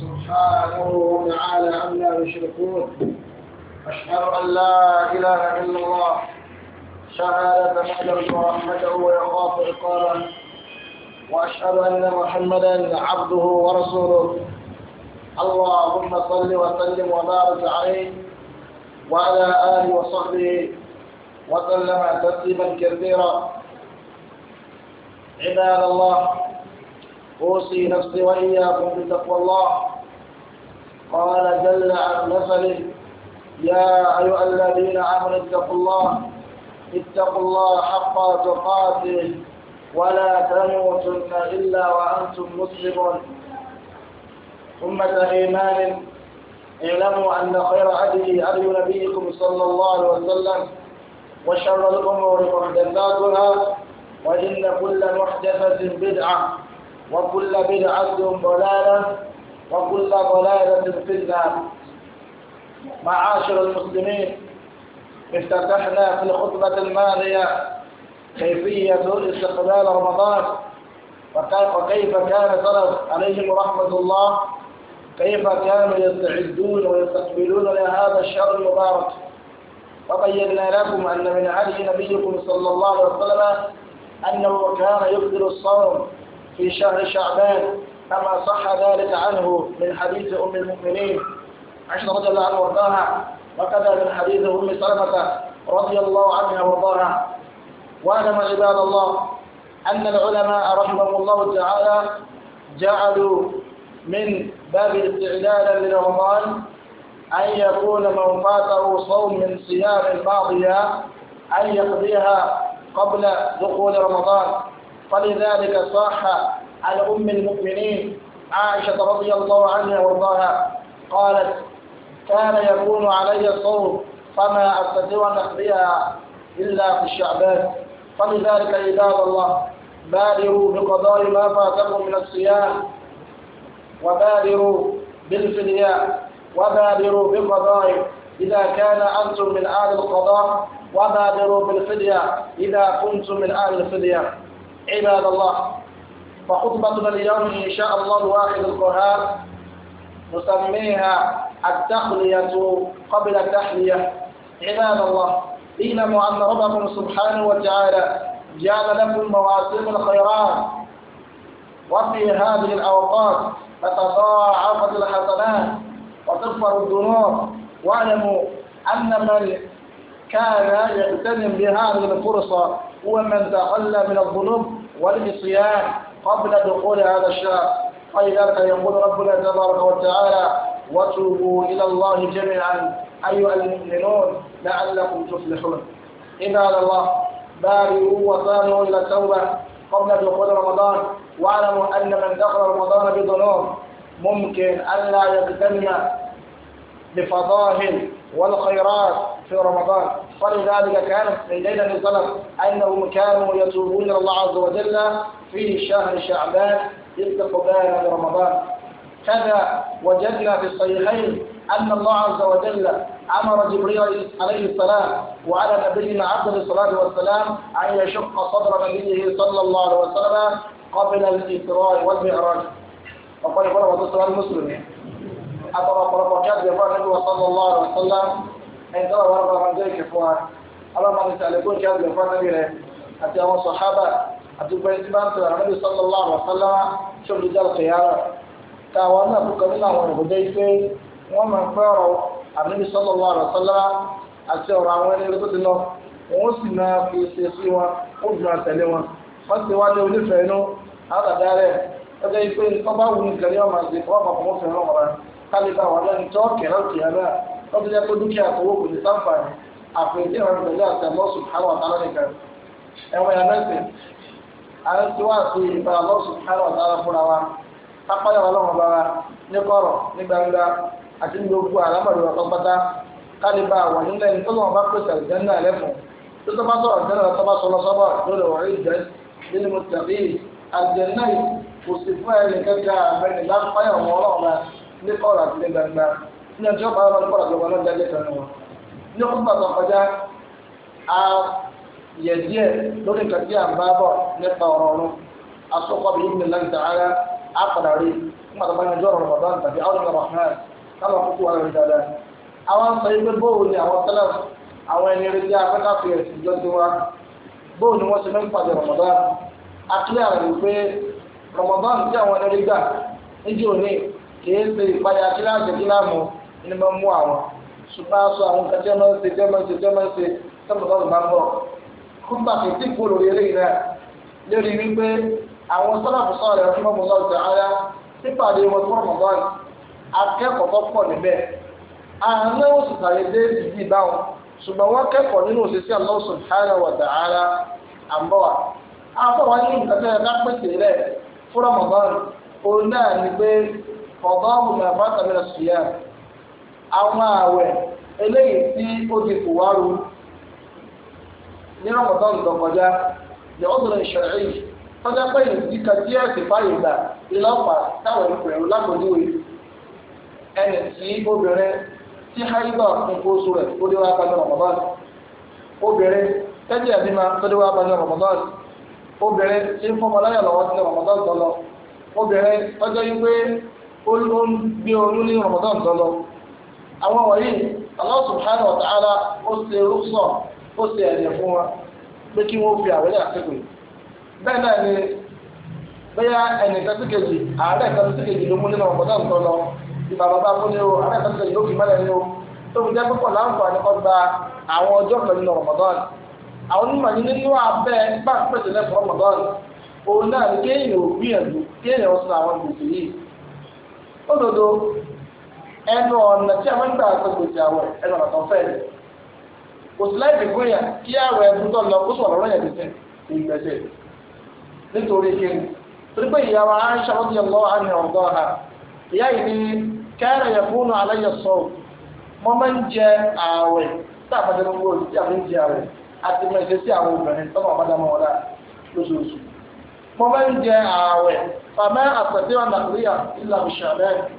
سبحانه وتعالى عما يشركون أشهد أن لا إله إلا الله شهادة يحلم ورحمته ويخاف عقابه وأشهد أن محمدا عبده ورسوله اللهم صل وسلم وبارك عليه وعلى آله وصحبه وسلم تسليما كثيرا عباد الله أوصي نفسي وإياكم بتقوى الله قال جل عن مثله يا أيها الذين آمنوا اتقوا الله اتقوا الله حق تقاته ولا تموتن إلا وأنتم مسلمون أمة إيمان اعلموا أن خير هدي هدي نبيكم صلى الله عليه وسلم وشر الأمور محدثاتها وإن كل محدثة بدعة وكل بدعة ضلالة وكل ضلالة في النار معاشر المسلمين افتتحنا في الخطبة الماضية كيفية استقبال رمضان وكيف كان سلف عليهم رحمة الله كيف كانوا يستعدون ويستقبلون لهذا الشهر المبارك وبينا لكم أن من هدي نبيكم صلى الله عليه وسلم أنه كان يفطر الصوم في شهر شعبان كما صح ذلك عنه من حديث أم المؤمنين عائشة رضي الله عنها وارضاها وكذا من حديث أم سلمة رضي الله عنها وارضاها واعلم عباد الله أن العلماء رحمهم الله تعالى جعلوا من باب استعدادا لرمضان أن يكون من فاته صوم من صيام الماضية أن يقضيها قبل دخول رمضان فلذلك صح عن أم المؤمنين عائشة رضي الله عنها وارضاها قالت كان يكون علي الصوم فما أستطيع أن أقضيها إلا في الشعبان فلذلك عباد الله بادروا بقضاء ما فاتكم من الصيام وبادروا بالفدية وبادروا بالقضاء إذا كان أنتم من أهل القضاء وبادروا بالفدية إذا كنتم من أهل الفدية عباد الله فخطبتنا اليوم إن شاء الله الواحد القهار نسميها التخلية قبل التحلية عباد الله اعلموا أن ربكم سبحانه وتعالى جعل لكم مواسم الخيرات وفي هذه الأوقات تتضاعفت الحسنات وتغفر الذنوب واعلموا أن من كان يغتنم بهذه الفرصة هو من تخلى من الذنوب والنسيان قبل دخول هذا الشهر أي ذلك يقول ربنا تبارك وتعالى وتوبوا إلى الله جميعا أيها المؤمنون لعلكم تفلحون على الله بارئوا وسارعوا إلى التوبة قبل دخول رمضان واعلموا أن من دخل رمضان بذنوب ممكن أن لا يغتنم بفضائل والخيرات في رمضان ولذلك كانت ليلة الطلب أنهم كانوا يتوبون إلى الله عز وجل في شهر شعبان استقبالا لرمضان كذا وجدنا في الصحيحين أن الله عز وجل أمر جبريل عليه السلام وعلى نبينا عبد الصلاة والسلام أن يشق صدر نبيه صلى الله عليه وسلم قبل الإسراء والمعراج وقال يقول الله المسلم أترى قرب وكاد صلى الله عليه وسلم ẹni tọ́lọ̀ wọn bá máa jẹ́ ìkẹ́ fún wa ọlọ́mọ ní sàlẹ̀ kó kí á lè fún ànábì rẹ̀ àti àwọn sọ̀hábà àti gbẹ́ni tí máa ń tẹ̀lé ànábì sọ́lọ́lá àwọn sálámà tí ó lè jẹ́ ọ̀kẹ́ yára táwọn náà kúkọ nínú àwọn òbúdé pé wọ́n máa fẹ́ na wọ́n ti jẹ́ pé dúkìá àtọwó kò lè sáǹfààní àpèjì ìrọ̀rùn pẹ̀lú àtẹ̀mọ́ subhanahu wa ta'ala nìkan ẹ̀wọ̀n yà mẹ́sìn àwọn tí wọ́n àti ìgbà Allah subhanahu wa ta'ala fúnra wa kápáyà ọlọ́run bá wa ní kọ̀rọ̀ ní gbangba àti ní gbogbo àlámọ̀lù ọ̀tọ́pátá kálíbà wà nílẹ̀ ní tọ́lọ́wọ́n bá pèsè àlùjànnà lẹ́fọ̀n tó tó bá sọ̀rọ̀ jẹ́nà tó bá sọ̀rọ̀ sọ́bà lórí ọ̀rẹ́ ìjẹ́ nínú mùtàbí àlùjànnà kò ní ẹjọ́ bá wọn kọ́ àjọba náà jáde kan wọn ní ọkùnrin bàbá kọjá a yẹ díẹ̀ lórí nǹkan tí a ń bá bọ̀ nípa ọ̀rọ̀ ọ̀run asọ́kọ̀ bí yìí nílẹ̀ níta ara a padà rí nígbà tó bá yẹn jọ̀rọ̀ Ramadan tàbí àwọn ọ̀rọ̀ Rahman káwọn kúkú wà lórí dáadáa àwọn sọ yìí pé bóòlù ni àwọn tẹ́lẹ̀ àwọn ẹni rí bí afẹ́ká fi ẹ̀sìn jọ ti wá bóòlù ni wọ́n ti mẹ́fà jẹ Ramadan akílẹ̀ àrẹ̀ wípé Ramadan tí àwọn ẹni rí gbà níjó ní kì í ṣe ìpayà kíláàsì kíláàmù ní máa mú àwọn ṣùgbọ́n aṣọ àwọn nǹkan tí wọ́n máa ń ṣe tí wọ́n máa ń ṣe tí wọ́n máa ń ṣe sọ́mọ̀ sọ́mọ̀ máa ń bọ̀ kó pàṣẹ tí kú lórí eléyìí náà lórí wípé àwọn sọ́làfù sọ́ọ̀rẹ́ fún ọmọ sọ́ọ̀rẹ́ ara nípàdé wọn fún ọmọ sọ́ọ̀rẹ́ akẹ́kọ̀ọ́ tó pọ̀ níbẹ̀ àwọn ó sì tàyè dé ìdí ìbáwọn ṣùgbọ́n wọ́n kẹ́kọ̀ọ́ nínú òṣìṣẹ́ Allah subhanahu wa ta'ala àmbọ̀wà afọwọ́ ní nǹkan tó yẹ ká pèsè rẹ̀ fún ọmọ sọ́ọ̀rẹ́ òun àwọn ààwẹ̀ eléyìí tí ó ti kò wá ru ní rọmọdọ́nù tó kọjá ní ọdún ìṣẹ̀lẹ̀ yìí pé ìdí kan tí ẹ̀sì fàyè gbà ìlọ́pàá táwọn ìpẹ̀rù lágbòdúwe tí obìnrin tí oṣù rẹ̀ ó dé wá obìnrin tẹ́jú máa tó dé wá obìnrin tí àwọn wọ̀nyí Allah subhanahu wa ta'ala ó ṣe rúkṣọ̀ ó ṣe ẹ̀yẹ fún wa pé kí wọ́n fi àwẹ̀lẹ̀ àtẹ̀kù bẹ́ẹ̀ náà ni bẹ́yà ẹnì kẹsíkejì ààrẹ kẹsíkejì ló mú nínú ọ̀pọ̀tà nǹkan lọ ìgbà bàbá fún ni o ààrẹ kẹsíkejì ló fi mẹ́lẹ̀ ni o tó fi jẹ́ púpọ̀ láǹfààní kọ́ gba àwọn ọjọ́ kan nínú àwọn onímọ̀ ní nínú abẹ́ bá ń pèsè lẹ́fọ̀ òun náà ni kéèyàn ò gbìyànjú kéèyàn ó san àwọn gbèsè yìí ó dodo ẹnu ọ̀nà tí a máa ń gbà àtọ́ gbèsè àwẹ̀ ẹnu ọ̀nà tó fẹ́ kò sí láì dìgbò yàn kí àwẹ̀ ẹ̀dùn tó lọ kó sọ̀ lọ́rọ̀ yẹn gbèsè ìgbèsè nítorí kí torí pé ìyá wa aṣọ ọdún yẹn lọ àmì ọ̀gọ́ ha ìyá yìí ni kẹ́rẹ̀ yẹn fún un aláyẹ sọ mọ́ máa ń jẹ àwẹ̀ tá a tí a fi ń jẹ àwẹ̀ àti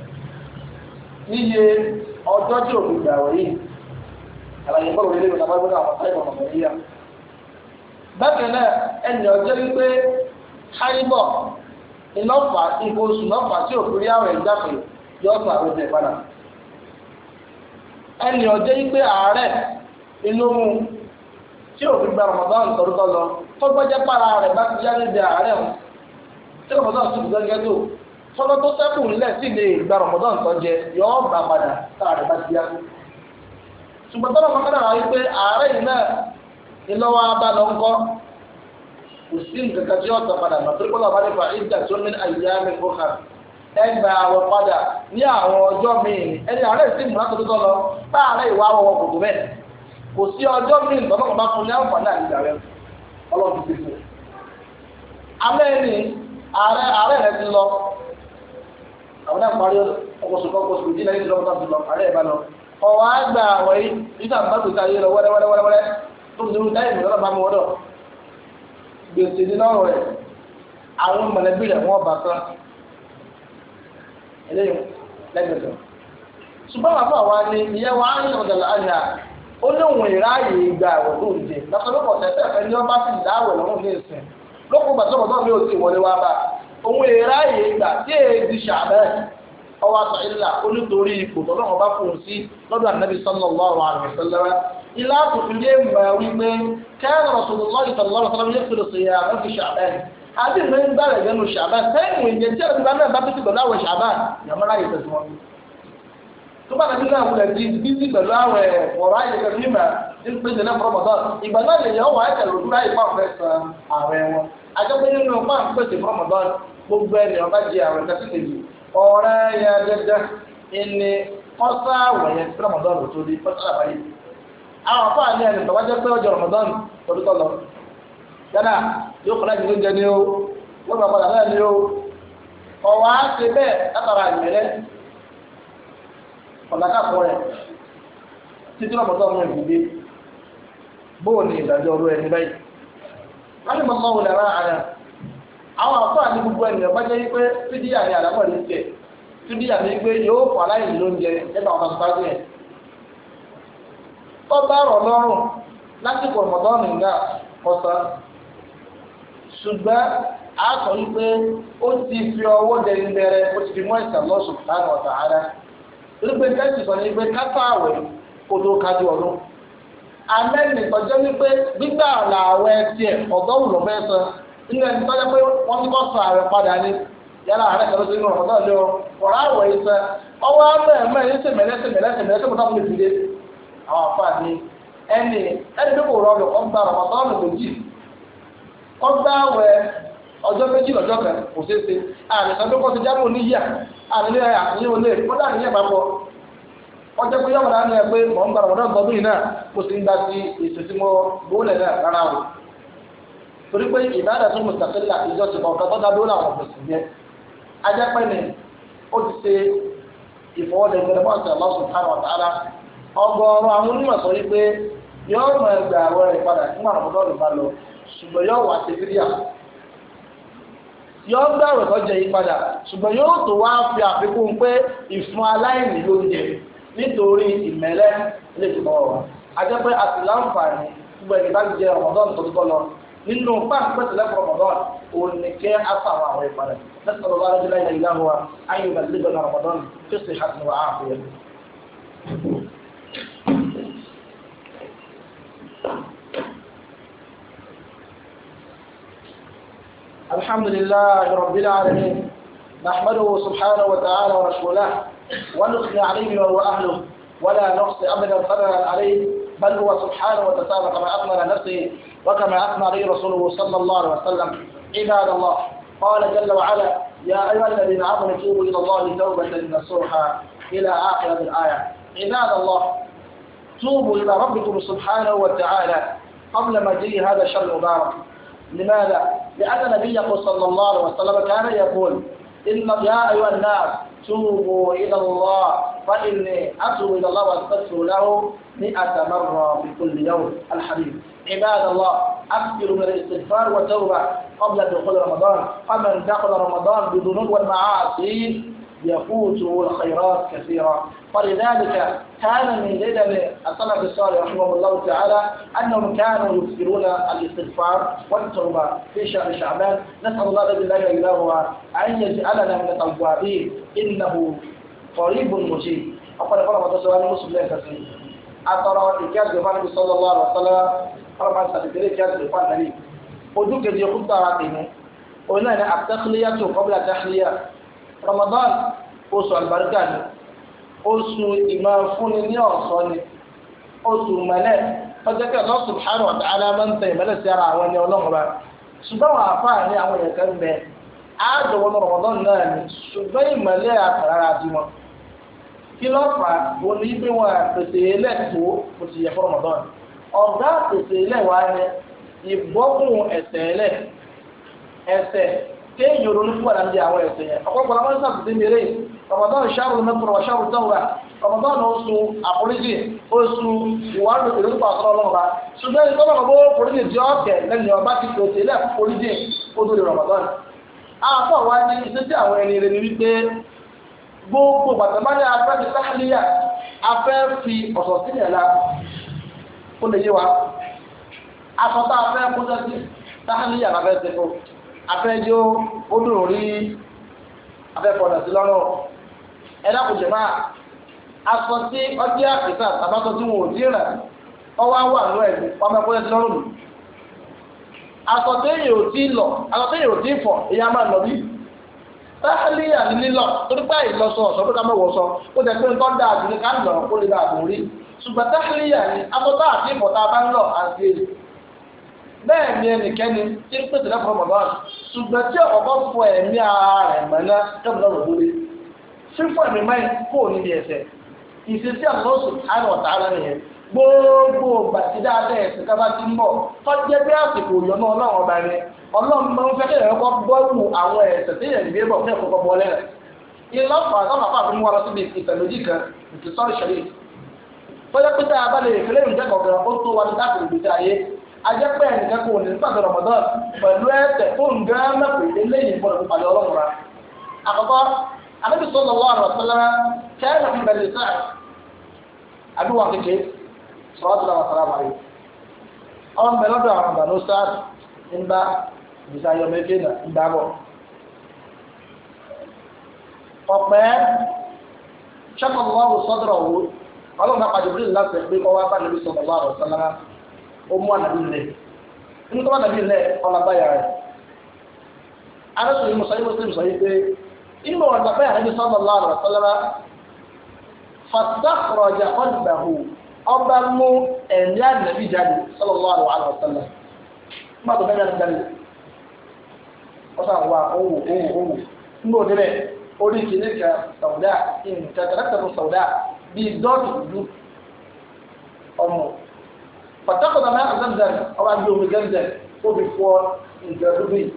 níye ọjọ́ tí òkú gbà wọ̀nyí àlàyé bọ́ọ̀lù ilé ìwòsàn báyìí àwọn ọ̀sán ìmọ̀ nàìjíríà. bákan náà ẹnì ọjọ́ wípé háìbọ̀ ìlọ́fà ìbò oṣù tí àwọn yọ àwọn ẹ̀jẹ̀ ẹnì ọjọ́ wípé ààrẹ gba lọ tó gbọ́jẹ́ bá ti yá níbi ààrẹ sọ́dọ̀ tó sẹ́kù ńlẹ̀ sí ilé ìgbà rọ̀mọ́dán tó jẹ yọ gbà padà táàrẹ̀ bá ti yá. ṣùgbọ́n tọ́lọ̀ kan náà wáyé ààrẹ yìí náà ni lọ́wọ́ bá lọ ń kọ́ kò sí nǹkan kan tí tọ́ mi kó kà àwọ̀ padà ní àwọn ọjọ́ míì ẹni ààrẹ sì múra àwọn náà parí ọkọ̀sùn kọ́kọ́sùn kò dín náà nílò ọ̀tá tuntun àárẹ̀ ẹ̀ bá lọ. ọ̀wọ́ á gbà àwọn yìí nígbà tó bá tó ta yé lọ wẹ́rẹ́wẹ́rẹ́wẹ́rẹ́ tó ń dúró táyì mọ̀ lọ́nà bá mi wọ́dọ̀ gbèsè ní lọ́rọ̀ rẹ̀ àwọn mọ̀lẹ́bí rẹ̀ wọ́n bá tán eléyìí lẹ́gbẹ̀ẹ́ ṣùgbọ́n bàbá wa ni ìyá wa á ń yàn dàlá àyà ó lóun ìráàyè ìgbà àwọ̀ tó ń jẹ lọ́sọ̀rọ̀ pọ̀ tẹ́tẹ́ fẹ́ ní wọ́n òun èrà yìí gbà tí èdè ṣàbẹ̀ ọwọ́ àtọ̀ ìlà onítorí ipò tọ́lọ́wọ́n bá fòun sí lọ́dọ̀ ànábì sallallahu alaihi wasallam ilá tuntun yé mọ̀ wípé kana Rasulullah sallallahu alaihi wasallam yẹ́sùn lọ́sọ̀ yà á fi ṣàbẹ̀ àbí ìwé ń bá rẹ̀ gẹ́nu ṣàbẹ̀ sẹ́yìn ìjẹ́ tí ẹ̀rọ ìgbà náà bá fi ti pẹ̀lú àwọn ṣàbẹ̀ yàmọ́ra yìí tẹ̀sán wọn. tó bá nàbí náà wulẹ̀ di bíbí pẹ̀lú àwẹ̀ ọ̀rọ̀ ayé kẹfì mímọ̀ ní gbogbo ẹni ọba jẹ àwọn ẹ̀ka sílẹ̀ yìí ọ̀rẹ́ ya dẹ́dẹ́ ẹni kọ́sá wẹ̀yẹ tí ramadan tó di kọ́sá àbáyé àwọn afọ àní ẹni bàbá jẹ pé ọjọ́ ramadan tọdún tọ lọ yálà yóò kọ́lá ìdílé jẹ ní o wọ́n bá padà náà ní o ọ̀wá ṣe bẹ́ẹ̀ látara ìmẹ̀lẹ́ ọ̀làkàkọ́ rẹ̀ títí ramadan mú ìdílé bóòlù ìdájọ́ ọ̀rọ̀ ẹni báyìí wọ́n ní mọ̀ àwọn àfáà ní gbogbo ènìyàn bá jẹ́ wípé túdíyà ní àlámọ̀ ní tiẹ̀ túdíyà ní pé yóò fà láyìn lóúnjẹ nípa àwọn àtúntàgbé yẹn. bá rọ̀ lọ́rùn lásìkò ọ̀mọ̀dọ́nù náà kọsán ṣùgbọ́n a sọ wípé ó ti fi ọwọ́ dẹni bẹ̀rẹ̀ ó ti fi mọ́ ọ̀tà ara sọ ní pé àwẹ̀ nínú ẹni tọ́jà pé wọ́n ti kọ́ sọ ààrẹ padà ni yálà ààrẹ kan ló ti ń náà lé o ọ̀rọ̀ àwọ̀ yìí sẹ́ ọwọ́ mẹ́ẹ̀mẹ́ yìí sèmẹ́lẹ́ sèmẹ́lẹ́ sèmẹ́lẹ́ sèmẹ́lẹ́ sèmẹ́lẹ́ sèmẹ́lẹ́ àwọn àfààní ẹni ẹni tó kò rọrùn méjì wẹ ọjọ́ méjì lọ́jọ́ kan kò ṣeé ṣe àmì sọ pé àmì ní olè níyà papọ̀ ọjọ́ pé ẹ pé mọ̀ ń torí pé ìbáàdà tó mùsàkìlà ìjọsìn ọ̀kan tó dábí ó làwọn ọ̀sìn yẹn ajẹ́pẹ́ ni ó ti ṣe ìfọwọ́lẹ́gbẹ̀rẹ́ fún àṣà lọ́sùn táwọn ọgọ́rùn-ún àwọn onímọ̀ sọ wípé yóò mọ ẹgbẹ́ àwọn padà fún àwọn ọ̀dọ́rùn bá lọ ṣùgbọ́n yóò wà sí bíríà yóò jẹ ṣùgbọ́n yóò tó wá fi àfikún pé ìfún aláìní ló ń jẹ nítorí lè tó bọ̀ wá gbogbo منه بعد مثلا رمضان وان كان اثر على نسال الله جل وعلا ان هو ان يبلغنا رمضان في وعافيه الحمد لله رب العالمين نحمده سبحانه وتعالى ورسوله ونثني عليه وهو اهله ولا نقص ابدا فضلا عليه بل هو سبحانه وتعالى كما أثنى نفسه وكما أثنى به رسوله صلى الله عليه وسلم عباد الله قال جل وعلا يا أيها الذين آمنوا توبوا إلى الله توبة نصوحا إلى آخر الآية عباد الله توبوا إلى ربكم سبحانه وتعالى قبل ما مجيء هذا الشر المبارك لماذا؟ لأن نبيكم صلى الله عليه وسلم كان يقول يا أيها الناس توبوا إلى الله فإني أتوب إلى الله وأستغفر له مئة مرة في كل يوم الحديث عباد الله أكثروا من الاستغفار والتوبة قبل دخول رمضان فمن دخل رمضان بذنوب والمعاصي يفوته الخيرات كثيرة فلذلك كان من لدن الطلب الصالح رحمه الله تعالى انهم كانوا يكثرون الاستغفار والتوبه في شهر شعبان نسال الله الذي لا اله الا هو ان يجعلنا من التوابين انه قريب مجيب أقول لك أنا سؤال مسلم ليس فيه أترى إكاد النبي صلى الله عليه وسلم أربعة سنتين إكاد النبي لي kejì òkúta ara tèmi òun náà ní àtẹ́kìlíyà tó kọ́bílà التخليه قبل atekiliya رمضان kobila tekiliya osu ìmọ̀ fúnni ní ọ̀sán ni oṣù mẹ́lẹ̀ ọjọ́ kí Allah subhanahu máa ń tẹ sí ara àwọn ẹni ọlọ́run bá ṣùgbọ́n àwọn àfáà ní àwọn kan bẹ náà ni ṣùgbọ́n ìmọ̀lẹ̀ àtàrà àti wọn kí ló fà wọn ní bí wọn pèsè ilẹ̀ tó kò sì yẹ ọ̀gá pèsè ilẹ̀ wa ni ìbọ́kùn ẹ̀sẹ̀ ilẹ̀ ẹ̀sẹ̀ kéèyàn ronú fún àdàmì àwọn ẹ̀sẹ̀ yẹn Ramadan ṣáàrù mẹ́tọ̀rọ̀ ṣáàrù tọ́wà Ramadan oṣù àforíjì oṣù ìwádìí ìlú pa ọ̀sán ọlọ́ọ̀ba ṣùgbọ́n ìtọ́nà ọ̀bọ̀ foríjì tí ó tẹ̀ lẹ́yìn ọba ti tò tẹ́lẹ̀ foríjì ó dórí Ramadan. àfọ̀ wa ní iṣẹ́ tí àwọn ẹni rẹ̀ ní wípé gbogbo pàtàkì afẹ́ ti sáhàlíyà afẹ́ fi ọ̀sọ̀ sílẹ̀ la ó lè yé wa asọ́tà afẹ́ kó sẹ́sì sáhàlíyà afẹ́ sẹ́kọ̀ọ́ afẹ́ yóò ó ẹ̀dá kò jẹ̀ máa aṣọ tí ọdí àpètà àbátọ tí wọn ò dín rà ọwọ́ àwọn àlọ́ ẹ̀mí ọmọ ẹ̀kọ́ yẹn ti lọ́rùn nù. aṣọ tí èyí ò tí lọ aṣọ tí èyí ò tí fọ èyí á máa lọ bí. táàlì àní lọ torí pé àyè lọsọ ọ̀sọ́ tó ká mọ̀ wọ̀sọ ó jẹ́ pé nǹkan dáa jù ní ká lọ ó lè dáa bòrí. ṣùgbọ́n táàlì àní aṣọ àti ìfọ̀ bá ń lọ àti èrè. bẹ́ẹ̀ ni ẹnikẹ́ni tí ń pèsè lẹ́kọ̀ọ́ mọ̀ ṣífọ̀ ní máì kó o níbi ẹsẹ̀ ìṣesí àkọsù àrùn ọ̀tá ara nìyẹn gbogbo gbàtí dáadáa ẹ̀sìn ká bá ti ń bọ̀ tọ́jẹ́ bí àsìkò ìyọnú ọlọ́run ọba rẹ ọlọ́run máa ń fẹ́ kí ẹ̀rọ kọ́ bọ́ọ̀lù àwọn ẹ̀sẹ̀ tí ìyẹn ìgbé bọ̀ fún ẹ̀kọ́ bọ́ lẹ́rẹ̀ ìlọ́pàá àtọ́nà fún àfihàn wa lọ síbi ìtẹ̀lójì kan ìtìsọ́rì ṣẹlẹ̀ bọ́jọ́ pété abalẹ̀ ìfẹ́lẹ́ ìjẹ́kọ̀ọ́ kan ó tó wa ní láti ìgbésí ayé ajẹ́pẹ́ ẹnìkan kò ní nígbà tó rọ̀mọ́dọ́ pẹ̀lú ẹ̀sẹ̀ fóun gán mẹ́pẹ̀ẹ́ lẹ́yìn ìfọ̀rọ̀ anabi sọlọ lọ àrọ sọlọmọ kẹrẹ mbẹrẹ sáà àbí wọn kékeré sọlọ tó lọ sọlọ àmàlẹ ọmọ mbẹrẹ lọ́dọ̀ àwọn nba bisayọ mẹfẹ nà nba bọ ọpẹ sọlọ na àrọ sọdọrọ wo ọlọ́run náà pàdé bíríìlì láti inú bọ̀ wọ́n gbàgbé àrẹ́bí sallallahu alaihi wasallam fastakhraja qalbahu ọba mú ẹ̀mí ànábì jáde sallallahu alaihi wasallam má tó bẹ́ẹ̀ jáde wọ́n sàn wá owó owó owó nígbà òde bẹ́ẹ̀ orí kìíní ka sàwùdà nǹkan tẹ̀lẹ́tẹ̀lẹ́ sàwùdà bíi dọ́ọ̀tù dúdú ọmọ fatakọ̀dà máa ń zamzam ọba gbé omi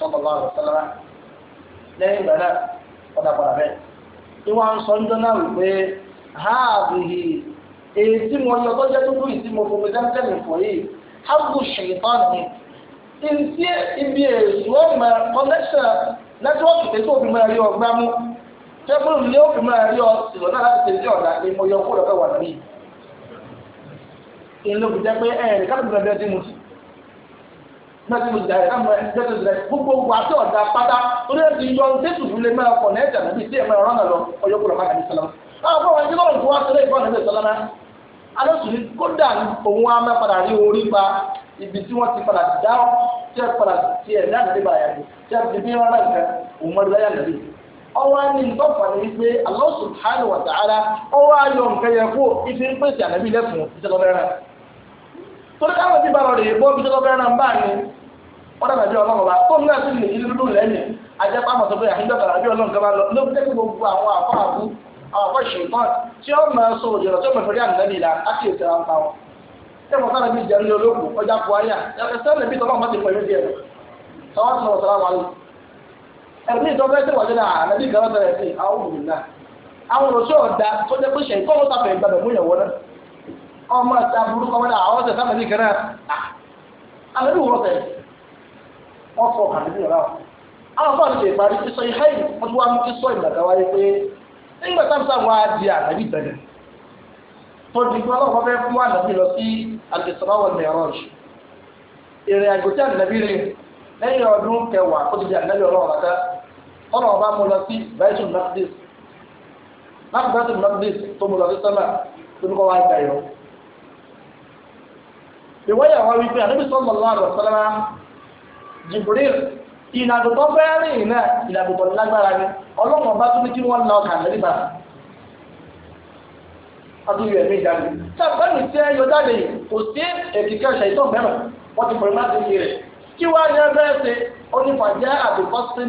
zamzam lẹ́yìn ìgbà náà ọ̀dà padà bẹ́ẹ̀. tí wọ́n ń ha àbùhì èyí tí mo yọ tó jẹ́ dúdú yìí tí mo fomi dáńtẹ́lì fò yìí hábù ṣèyítọ́ ni. ìsí ibi èsù ọmọ connection nẹ́tíwọ́ọ̀kì tètè òbí máa rí ọgbà mú tẹ́gbọ́n mi yóò fi máa rí ọ sílọ̀ náà láti tètè ọ̀dà pé mo yọ kó lọ́kọ̀ wà lórí. ìlú mẹsùn ìdàrẹ àmọ́ ẹnìjẹsùn ìdàrẹ gbogbo wa tí ọ̀dà pátá torí ẹ̀sìn ìjọ jésù fún lè máa kọ̀nà ẹ̀jà nàbí tí ẹ̀ máa rán lọ ọyọ́ kúrò má nàbí sọlá. àwọn ọmọ ìjọba òǹkó wa sọlá ìfọ̀nà ìbẹ̀ sọlá náà alẹ́sùn kódà òun wa máa padà rí orí pa ibi tí wọ́n ti padà dá tí ẹ padà ti ẹ̀ náà nàbí bàyà tí ẹ ti ni nǹkan fàní wípé Allah subhanahu wa ta'ala ọwọ́ ayọ̀ nǹkan yẹ kó ife ń pèsè ànábì lẹ́fún ìjọba ẹ̀rọ. torí káwọn ti bá lọ rè é bọ́ ibi náà ń bá ní wọ́n dàgbà bí ọlọ́run wa fóònù náà sì lè yí dúdú lẹ́yìn ajẹ́pá mọ̀ sọ pé àyíjọ́tàrà bí ọlọ́run kan bá lọ ló dé gbogbo àwọn àfọ́ àbú àwọn àfọ́ ìṣùnkàn tí ó máa sọ òjòrò tí ó mọ̀ sórí àǹdẹ́bì ìlà láti ètò àwọn pa wọn. ṣé mo sáré bí jẹun ní olóògùn ọjà kù ayà ẹ sẹ́lẹ̀ bí tọ́lọ́mọ ti pẹ̀lú díẹ̀ sọ́wọ́n ti sọ̀rọ̀ sọ́lá wàlú. ẹ̀mí ìtọ́fẹ́ tí wọ́n ti náà àlẹ́ bí gàrọ́ tẹ̀lé sí àwọn òmìnir náà. àwọn òṣù ọ̀dà tó jẹ́ wọ́n tẹ̀lé wọ́n sọ kàdébí rà àwọn fáwọn ṣe ìparí sísọ ihe yìí wọ́n ti wá mú sísọ ìgbàgbà wáyé pé nígbà táwọn sáà wá di àtàbí ìtẹ̀lẹ̀ tó di pé ọlọ́run fẹ́ fún ànàbí lọ sí àgbẹ̀sọ̀rọ̀ wọn ní ọ̀rọ̀ ṣù ìrìn àjò tí ànàbí rè lẹ́yìn ọdún kẹwàá tó ti di ànàbí ọlọ́run àtá ọlọ́run bá mú lọ sí baitul maqdis baitul tó mú lọ jibril ìnàdùtọ̀ fẹ́ rìn náà ìnàdùtọ̀ lágbára ni ọlọ́run ọba tún ní kí wọ́n na ọkà nígbà adúlù ẹ̀mí ìdáni sábẹ́ni tí ẹ yọ jáde kò sí èkìkẹ́ ọ̀sẹ̀ ìtọ́ mẹ́rin wọ́n ti pẹ̀lú láti ṣe rẹ̀ kí wàá yẹ bẹ́ẹ̀ ṣe ó ní fàjẹ́ àdùkọ́sí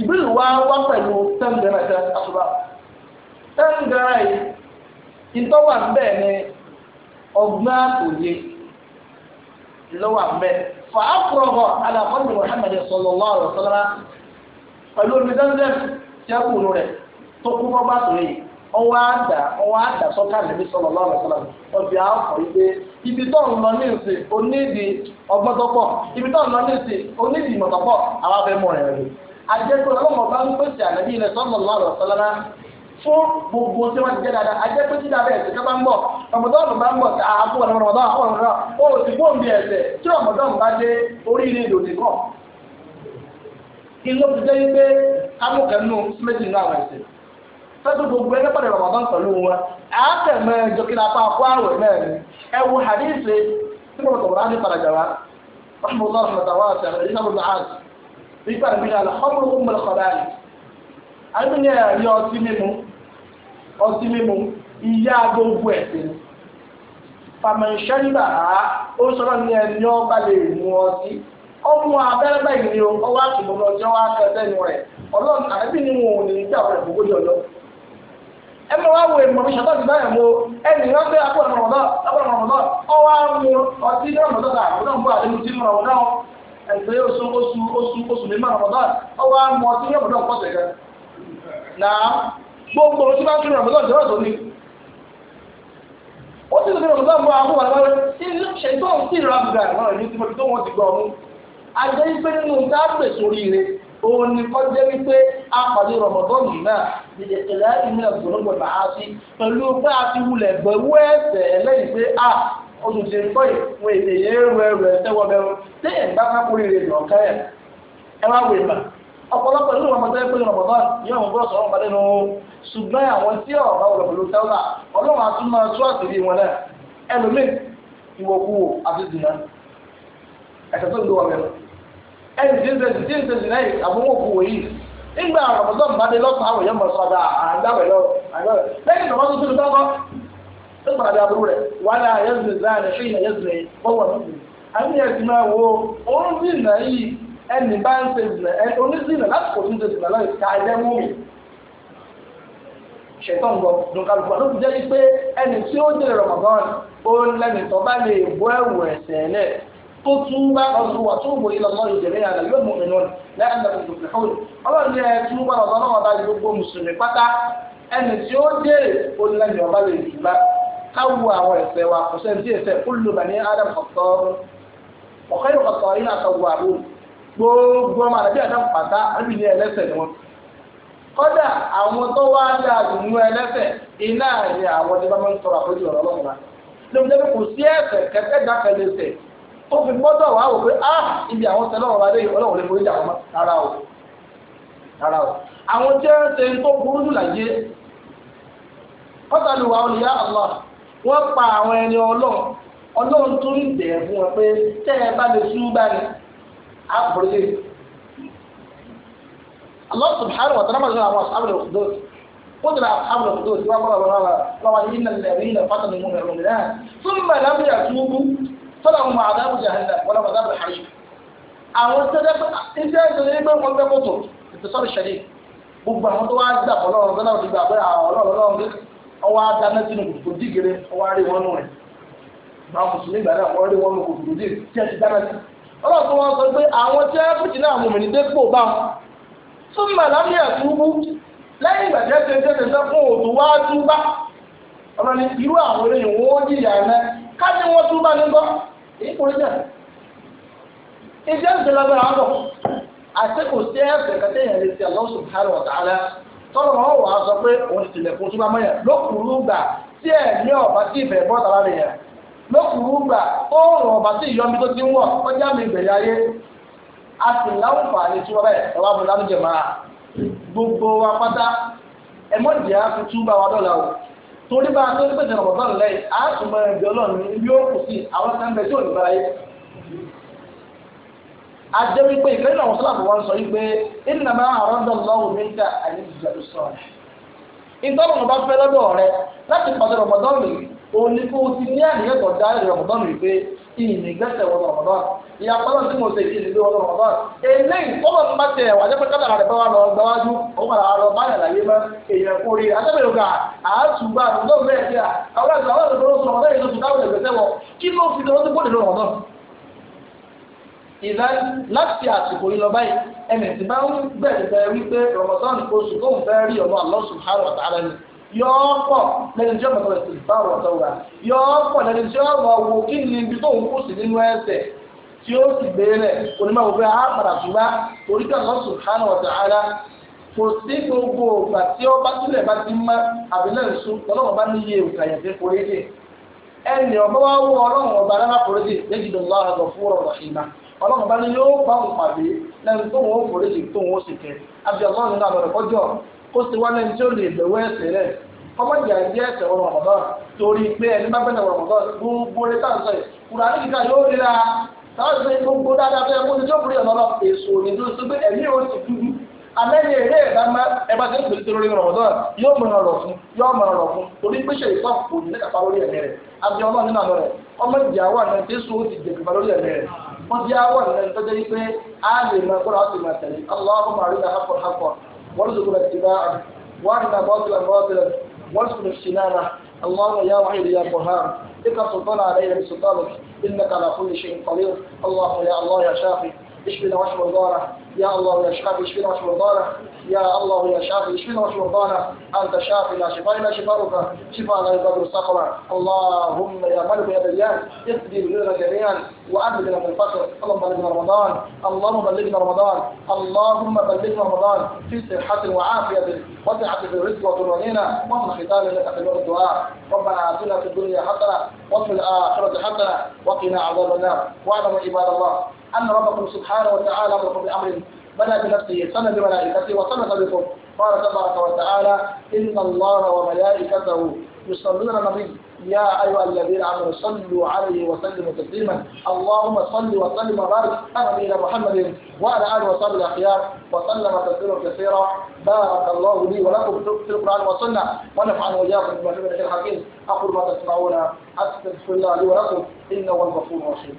ìbílù wa wá pẹ̀lú tẹ́ǹdẹ̀rẹ̀ tẹ́ àṣùbà tẹ́ǹdẹ̀rẹ̀ yìí ìtọ́wà ń bẹ́ẹ̀ ni ọgbọ́n òye lọ́wọ́ àmẹ́ fàákùrọ̀họ̀ alákọ̀ọ́nù Muhammad sallallahu alaihi wasallam pẹ̀lú olùdáńdẹ́ jẹ́kùnú rẹ̀ tó kú mọ́ bá tó yìí ọwọ́ àdá ọwọ́ àdá sọ́kà Nabi sallallahu alaihi wasallam ọbẹ̀ àkọ́ ìgbé ibi tó ń lọ ní ìsìn onídìí ọgbọ́n tó pọ̀ ibi tó ń lọ ní ìsìn onídìí ìmọ̀ àwọn abẹ́mọ̀ rẹ̀ rẹ̀ àjẹkùn ọlọ́mọba ń pèsè ànábì ilẹ̀ sallallahu alaihi fún gbogbo tí wọ́n ti jẹ́ dáadáa ajẹ́ pé títà bẹ́ẹ̀ ṣẹ̀ṣẹ̀ bá ń bọ̀ ọmọdọ́ọ̀nù bá ń bọ̀ àbúrò ọmọdọ́ọ̀nù àwọn ọmọdọ́ọ̀nù ó sì gbóhùn bí ẹ̀sẹ̀ tí ọmọdọ́ọ̀nù bá dé oríire ìdòdì kọ̀. ìlú ti jẹ́ pé amúkẹ́nu méjì nínú àwọn ẹ̀sẹ̀ fẹ́tù gbogbo ẹgbẹ́ pàdé ọmọdọ́ọ̀nù pẹ̀lú wọn àátẹ̀mẹ́ jọkìlá pa afọ àwẹ̀ ẹ ọtí mímu ìyá gbogbo ẹ̀sìn fàmìṣẹ́ńdà á ó ní ẹni ọba lè mú ọtí ọmọ abẹ́rẹ́bẹ́ o ọwọ́ àtùmọ̀lọ́ wa kẹsẹ́ nu rẹ̀ ọlọ́run ni wọn ò ní ìjà rẹ̀ gbogbo ẹ mọ wá wo ìmọ̀ mi ṣàtọ́ ti báyìí mo ẹnì wọn gbé ọwọ́ àmú ọtí ní gbogbo ọ̀rọ̀ tí bá ń kiri ramadan jẹ́ ọ̀tọ̀ ni ó ti lè ramadan bọ́ àwọn àwọn àwọn tí ṣe tó ń sí ìrọ̀ àbùdá àwọn ẹ̀mí tí mo ti tó wọn ti gbọ́ ọ̀hún ajẹ́ wípé nínú tá a pè sórí rẹ̀ òun ni kọ́ jẹ́ wípé a pàdé ramadan náà dìde ìlà ìmìnà gbọ̀nàgbọ̀n bàá sí pẹ̀lú pé a ti wulẹ̀ gbẹ̀wú ẹ̀sẹ̀ ẹlẹ́yìn pé a oṣù tí ń kọ́ ìwé èyí ẹ̀rọ ẹ̀rọ ẹ̀tẹ́wọ́ bẹ̀rù tí ẹ̀ bá kápórí rẹ̀ lọ́kẹ́ ẹ̀ ẹ wá wèé mà ọ̀pọ̀lọpọ̀ nínú ọmọdé pé rọmọdán yóò mú bọ́ọ̀sì ọlọ́run balẹ̀ nù ṣùgbọ́n àwọn tí ọ̀rọ̀ ọ̀rọ̀ pẹ̀lú tẹ́lá ọlọ́run àti máa tú àṣírí wọn náà ẹlòmíì ìwòkú àti dìnnà ẹ̀sẹ̀ tó ń lo ọ̀rẹ́ ẹni tí ń ṣe tí ń ṣe dìnnà yìí àbúwòkú wòyí nígbà rọmọdán bá dé lọ́sàn-án àwọn èèyàn mọ̀ sọ́dà àgbàwẹ̀ lọ àgbàwẹ̀ lẹ́yìn tó bá tó tóbi tọ́kọ́ tó gbàdá ẹnì bá ń ṣe zìnà ẹ oníṣìnà láti kò tún ṣe zìnà lọ́yẹ̀ ká ẹgbẹ́ mú mi. ṣètọ́n gbọ́ dunkalu fún wa ló fi jẹ́ pé ẹnì tí ó jẹ́ Ramadan ó lẹ́nì tó bá lè bọ́ ẹ̀wù ẹ̀ṣẹ̀ lẹ̀ tó tún bá ọdún wa tún wòye lọ́sọ́ yóò jẹ̀rẹ̀ yàrá yóò mú inú lẹ́yìn káwo àwọn ẹ̀ṣẹ̀ wa kò sẹ́ni tí ẹ̀ṣẹ̀ kúlù bani adam kọtọ ọkọ ìrọkọtọ yìí náà kọwọ àbúrò gbogbo ọmọ àdàbí àdàm pàtà àbí ní ni wọn. kọ́dà àwọn tó wá iná ni àwọn tí wọ́n máa ń tọrọ àforíjì ọ̀rọ̀ ọlọ́run wa. lóun jẹ́ pé kò sí kẹfẹ́ fi gbọ́dọ̀ wá wò ah, ibi àwọn ọ̀rọ̀ adé ọlọ́run lè forí o rárá o. àwọn tí wọ́n ṣe ń tó burú wọ́n pa àwọn ẹni ọlọ́run ọlọ́run tó ń dẹ̀ fún wọn pé tẹ́ ẹ bá lè àpòlè Allah subhanahu wa ta'ala máa ń sọ àwọn ashabul ukhdud قتل أصحاب الخدود وقال رواه إن الذين فتنوا المؤمنات ثم لم يتوبوا فلهم عذاب جهنم ولهم عذاب الحريق àwọn tẹ́lẹ̀ iṣẹ́ ìṣẹ̀lẹ̀ ẹgbẹ́ wọn bẹ́ kótó ìtẹ̀sọ́rọ̀ ìṣẹ̀lẹ̀ gbogbo àwọn tó wá gbà pọ̀ lọ́rùn tó náà pé ah, àwọn ọlọ́run lọ́rùn pé ọwọ́ adáná sínú kòkòrò dìgẹ̀rẹ́ ọwọ́ arí wọn máa mùsùlùmí gbà náà wọ́n rí wọn nù tí ẹ ti dáná sí ọlọ́pàá wọn sọ pé àwọn tí wọ́n fìtínà àwọn òmìnir dépò bá wọn tún mọ̀lá ní ẹ̀túbú lẹ́yìn ìgbà tí ẹ̀sẹ̀ ẹ̀sẹ̀ ẹ̀sẹ̀ fún òtù wá túbá ọ̀rọ̀ ni irú àwọn ó jìyà ká ní wọ́n túbá ní gbọ́ èyí kò rí jẹ́ ìjẹ́ àti kò sí ẹ̀sẹ̀ lókùrú gbà ó rùn ọ̀bà sí tó ti ń wọ̀ ọjà mi ìbẹ̀rẹ̀ ayé a sì láǹfààní tí wọ́n bẹ́ẹ̀ ẹ̀wà bọ̀ lánàá gbogbo wa pátá ẹ̀mọ́jẹ̀ fi túbà wa o torí bá a tó ń pèsè ọ̀bọ̀ lẹ́yìn mọ ọlọ́run a jẹ́ wípé ìkẹ́lẹ́ náà wọ́n sọ́lá fún wọn sọ wípé ń òní o ti ní àníyàn tó dá ìrìn ọ̀mọ̀dọ́ mi pé ìyìn ìgbẹ́sẹ̀ wọn ọ̀mọ̀dọ́ ìyàpá náà tí mo ṣe ìyìn ìgbẹ́ wọn ọ̀mọ̀dọ́ eléyìí tọ́lọ̀ ń bá tẹ ẹ̀wà jẹ́ pé kádàrà rẹ̀ bá wà lọ gbáwájú ó padà lọ bá yàrá yé mọ́ èèyàn kó rí adébẹ̀rẹ̀ ògà àásùgbà àdúgbò bẹ́ẹ̀ sí à àwọn àgbà wọn lọ́dọ̀ lọ́sọ̀rọ̀ ọ̀dọ́ ìlú sùdáwọ̀ ẹ̀gbẹ́sẹ̀ wọ kí ló Allah subhanahu wa ta'ala yọọ pọ̀ lẹ́ni tí ó bàtà sí ìfáwọ̀ tọ́wà yọọ pọ̀ lẹ́ni tí ó wà wò kí ni ibi tó ń kó sí nínú ẹsẹ̀ tí ó sì béèrè onímọ̀ òfin àpàdà ṣùgbọ́n orí kan lọ subhanahu wa ta'ala kò sí gbogbo ògbà tí ó bá sílẹ̀ bá ti mọ́ àbílẹ̀ ìṣú ọlọ́run bá níye òkàyẹ̀ sí foríjì ẹnì ọ̀bá ní yóò bá òun pàdé lẹ́nu tó wọn ó foríjì tó wọn ó sì kẹ́ abiyamọ́ nínú àbẹ̀rẹ̀ kọjọ́ kó sì wá lẹ́ni tí ó lè bẹ̀wọ́ ẹ̀ṣẹ̀ rẹ̀ ọmọ ìjà ìdí ẹ̀ṣẹ̀ wọn ọ̀mọ̀dọ́ torí pé ẹni bá fẹ́ẹ̀ wọn ọ̀mọ̀dọ́ gbogbo rẹ̀ táwọn sọ yìí kùrà ní kíkà yóò rí ra táwọn sọ gbogbo dáadáa fẹ́ kó ní tó kúrò ọ̀nà èso òdìdó sí pé ẹ̀mí ò sì dúdú amẹ́yẹ eré ẹ̀dámẹ́ ẹ̀bá tẹ́lẹ̀ pèsè lórí ọ̀rọ̀dọ́ yóò mọ̀ ọ̀rọ̀ fún yóò mọ̀ ọ̀rọ̀ fún torí pé ṣe ìtọ́ kò ní lẹ́kàpá lórí ẹ̀mí rẹ̀ àbí ọmọ nínú àná rẹ̀ ọmọ ìjà wà ní jésù ó ti jẹ̀kùbá lórí ẹ̀mí rẹ̀ wọ́n ti á wà ní ẹni tó jẹ́ pé a lè mọ ẹgbẹ́ rẹ̀ á ti mọ̀ tẹ̀lé وارزقنا اتباعه وارنا باطلا باطلا وارزقنا السنانة اللهم يا وحيد يا قهار إنك سلطان علينا بسلطانك انك على كل شيء قدير اللهم يا الله يا شافي اشفنا واشف مرضانا يا الله يا شافي اشفينا واشفرضانا يا الله يا شافي اشفينا واشفرضانا أنت شافي لا شفاء إلا شفاؤك شفاء لا يقدر سقما اللهم يا ملك يا ديان اهدي بنورنا جميعا وأبلغنا من الفقر اللهم بلغنا رمضان اللهم بلغنا رمضان اللهم بلغنا رمضان في صحة وعافية وسعة في الرزق وطمأنينة ومن ختام لك في الدعاء ربنا آتنا في الدنيا حسنة وفي الآخرة حسنة وقنا عذاب النار واعلموا عباد الله أن ربكم سبحانه وتعالى أمركم بأمر بلى بنى بنفسه صنى بملائكته وصنف بكم قال تبارك وتعالى إن الله وملائكته يصلون على النبي يا أيها الذين آمنوا صلوا عليه وسلموا تسليما اللهم صل وسلم وبارك على نبينا محمد وعلى آله وصحبه الأخيار وسلم تسليما كثيرا بارك الله لي ولكم في القرآن والسنة ونفعنا وإياكم بما فيه الحكيم أقول ما تسمعون أستغفر الله لي ولكم إنه هو الغفور الرحيم